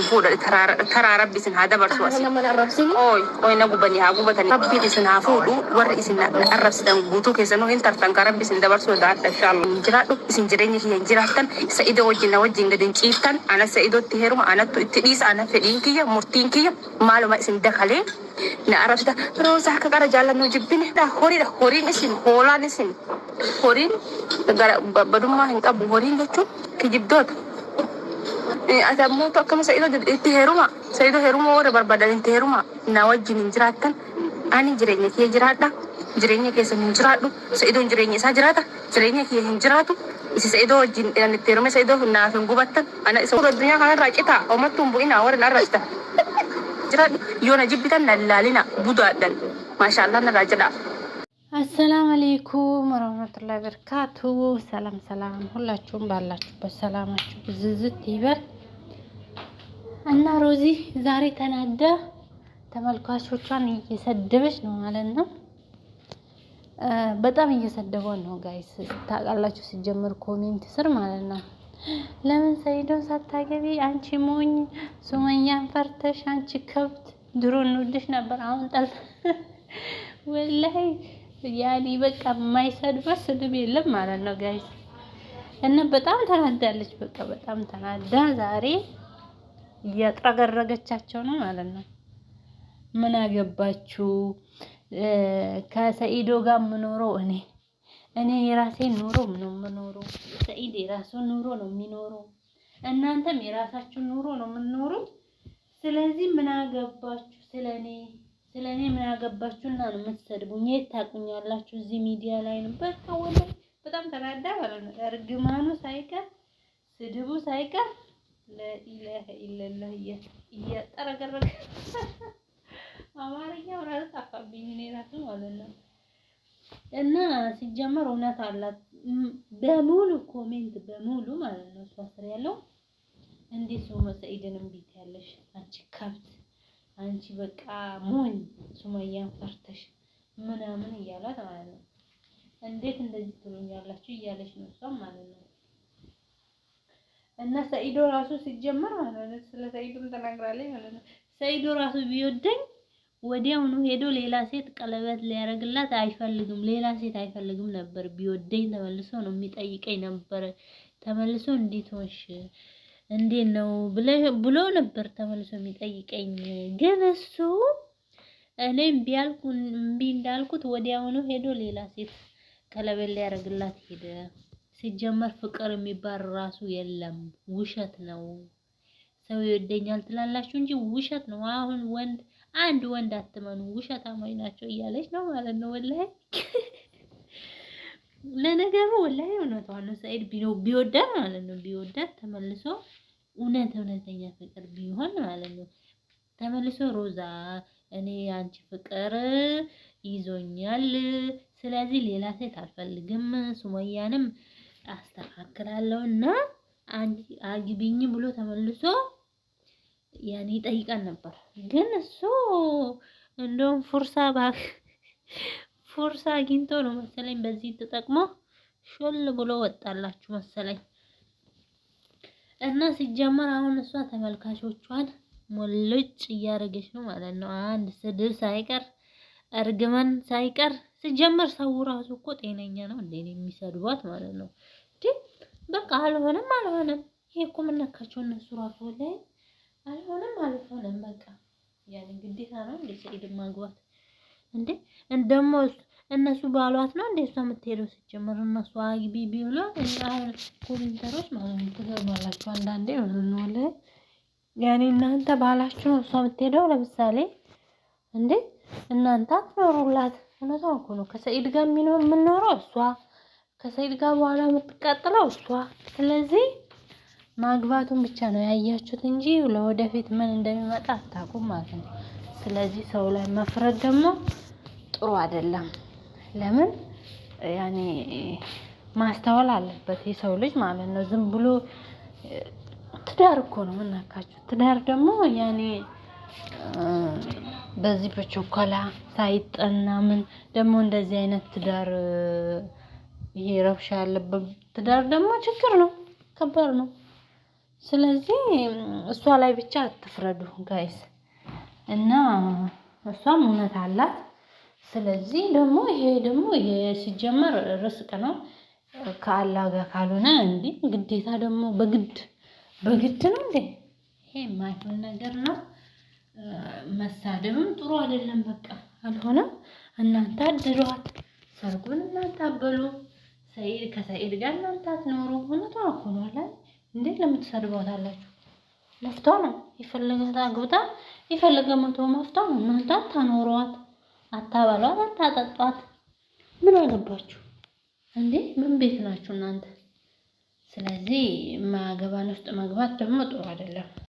fuudha taraaraa isin haa dabarsu asi ooy ooy na gubanii haa gubatani rabbiin isin haa fuudhu warri isin arrabsitan guutuu keessanuu hin tartan ka rabbi isin dabarsu daa inshallah jiraadhu isin jireenya kiyya hin jiraattan sa'idoo wajjin na wajjin gad hin ciiftan ana sa'idootti heeruma anattu itti dhiisa ana fedhiin kiyya murtiin kiyya maaluma isin dakalee na arrabsita roosaa akka qara jaallannoo jibbine dha horiidha horiin isin hoolaan isin horiin badummaa hin qabu horiin jechuun kijibdoota atammuutu akkama sa'iidoo itti heeruma sa'iidoo heeruma warra barbaadan itti heeruma na wajjin hin jiraattan ani jireenya kiyya jiraadha jireenya keessa hin jiraadhu sa'iidoon jireenya isaa jiraata jireenya kiyya hin jiraatu isi sa'iidoo wajjin an itti heerume sa'iidoo naaf hin gubattan ana isa warra addunyaa kanarraa cita omattuu hin bu'ina warra narraa cita jiraadhu yoo na jibbitan na laalina budaadhan maashaallah narraa jedha አሰላም አለይኩም ወረህመቱላሂ በረካቱ። ሰላም ሰላም፣ ሁላችሁም ባላችሁበት ሰላማችሁ ብዝዝት ይበል። እና ሮዚ ዛሬ ተናዳ ተመልካቾቿን እየሰደበች ነው ማለት ነው። በጣም እየሰደበው ነው ጋይስ፣ ታውቃላችሁ። ሲጀምር ኮሜንት ስር ማለት ነው ለምን ሰይዶን ሳታገቢ አንቺ ሞኝ፣ ሱመያን ፈርተሽ አንቺ ከብት፣ ድሮ እንውድሽ ነበር አሁን ጠል ወላይ ያኔ በቃ የማይሰድባት ስድብ የለም ማለት ነው ጋይስ። እና በጣም ተናዳለች፣ በቃ በጣም ተናዳ ዛሬ እያጥረገረገቻቸው ነው ማለት ነው። ምን አገባችሁ ከሰኢዶ ጋር የምኖረው እኔ እኔ የራሴ ኑሮ ነው የምኖረው። ሰኢድ የራሱ ኑሮ ነው የሚኖረው። እናንተም የራሳችሁ ኑሮ ነው የምኖሩት። ስለዚህ ምን አገባችሁ ስለኔ ስለኔ ምን አገባችሁና ነው የምትሰድቡኝ? የት ታቁኛላችሁ? እዚህ ሚዲያ ላይ ነው። በቃ ወላሂ በጣም ተናዳ ማለት ነው። እርግማኑ ሳይቀር ስድቡ ሳይቀር ለኢለህ ኢላላህ እያጠረገረገ አማርኛው ራሱ ጠፋብኝ እኔ ራሱ ማለት ነው። እና ሲጀመር እውነት አላት በሙሉ ኮሜንት በሙሉ ማለት ነው። እሷ ስር ያለው እንዴት ሱመ ሰኢድንም ቤት ያለሽ አንቺ ከብት፣ አንቺ በቃ ሞኝ ሱመያን ፈርተሽ ምናምን እያላት ማለት ነው። እንዴት እንደዚህ ትሉኛላችሁ እያለች ነው እሷም ማለት ነው። እና ሰኢዶ ራሱ ሲጀመር ማለት ነው። ስለ ሰኢዱም ተናግራለች ማለት ነው። ሰኢዶ ራሱ ቢወደኝ ወዲያውኑ ሄዶ ሌላ ሴት ቀለበት ሊያደርግላት አይፈልግም፣ ሌላ ሴት አይፈልግም ነበር። ቢወደኝ ተመልሶ ነው የሚጠይቀኝ ነበር። ተመልሶ እንዴት ሆንሽ እንዴት ነው ብሎ ነበር ተመልሶ የሚጠይቀኝ። ግን እሱ እኔም ቢያልኩ እምቢ እንዳልኩት ወዲያውኑ ሄዶ ሌላ ሴት ቀለበት ሊያደርግላት ሄደ። ሲጀመር ፍቅር የሚባል ራሱ የለም፣ ውሸት ነው። ሰው ይወደኛል ትላላችሁ እንጂ ውሸት ነው። አሁን ወንድ አንድ ወንድ አትመኑ፣ ውሸታሞች ናቸው እያለች ነው ማለት ነው። ወላሂ ለነገሩ ወላሂ እውነቷን ነው። ሰኢድ ቢወዳት ማለት ነው ቢወዳት ተመልሶ እውነት እውነተኛ ፍቅር ቢሆን ማለት ነው ተመልሶ ሮዛ እኔ አንቺ ፍቅር ይዞኛል፣ ስለዚህ ሌላ ሴት አልፈልግም ሱመያንም አስተካክላለሁና አግቢኝ ብሎ ተመልሶ ያኔ ይጠይቀን ነበር። ግን እሱ እንደውም ፉርሳ ባክ ፉርሳ አግኝቶ ነው መሰለኝ በዚህ ተጠቅሞ ሾል ብሎ ወጣላችሁ መሰለኝ። እና ሲጀመር አሁን እሷ ተመልካቾቿን ሞልጭ እያደረገች ነው ማለት ነው። አንድ ስድብ ሳይቀር እርግመን ሳይቀር ሲጀመር ሰው ራሱ እኮ ጤነኛ ነው እንዴ የሚሰድቧት ማለት ነው። በቃ አልሆነም አልሆነም። ይሄ እኮ የምነካቸው እነሱ ራሱ ላይ አልሆነም አልሆነም። በቃ ያኔ ግዴታ ነው እንዴ ሰኢድ ማግባት እንዴ? እንደሞ እነሱ ባሏት ነው እንዴ እሷ የምትሄደው? ሲጀመር እነሱ አግቢ ቢብሎ አሁን ኮሜንተሮች ማለት ነው ትገርማላችሁ። አንዳንዴ ነው ያኔ እናንተ ባላችሁ ነው እሷ የምትሄደው ለምሳሌ እንዴ እናንተ አትኖሩላት። እውነቷን እኮ ነው። ከሰኢድ ጋር የምኖረው እሷ፣ ከሰኢድ ጋር በኋላ የምትቀጥለው እሷ። ስለዚህ ማግባቱን ብቻ ነው ያያችሁት እንጂ ለወደፊት ምን እንደሚመጣ አታውቁም ማለት ነው። ስለዚህ ሰው ላይ መፍረድ ደግሞ ጥሩ አይደለም። ለምን ያኔ ማስተዋል አለበት የሰው ልጅ ማለት ነው። ዝም ብሎ ትዳር እኮ ነው የምናካችሁ። ትዳር ደግሞ ያኔ በዚህ በቾኮላ ሳይጠና ምን ደግሞ እንደዚህ አይነት ትዳር ይሄ ረብሻ ያለበት ትዳር ደግሞ ችግር ነው፣ ከባድ ነው። ስለዚህ እሷ ላይ ብቻ አትፍረዱ ጋይስ። እና እሷም እውነት አላት። ስለዚህ ደግሞ ይሄ ደግሞ ይሄ ሲጀመር ርስቅ ነው ከአላ ጋር ካልሆነ እንዲ ግዴታ ደግሞ በግድ በግድ ነው እንዴ? ይሄ የማይሆን ነገር ነው። መሳደብም ጥሩ አይደለም። በቃ አልሆነም። እናንተ አድሏት ሰርጉን እናንተ አበሉ። ሰኢድ ከሰኢድ ጋር እናንተ አትኖሩ። እውነቷን እኮ ነው አለ እንዴ! ለምትሰድቧታላችሁ መፍቷ ነው የፈለገ አግብታ የፈለገ መቶ መፍቷ ነው። እናንተ አታኖሯት፣ አታበሏት፣ አታጠጧት። ምን አገባችሁ እንዴ? ምን ቤት ናችሁ እናንተ? ስለዚህ ማገባን ውስጥ መግባት ደግሞ ጥሩ አይደለም።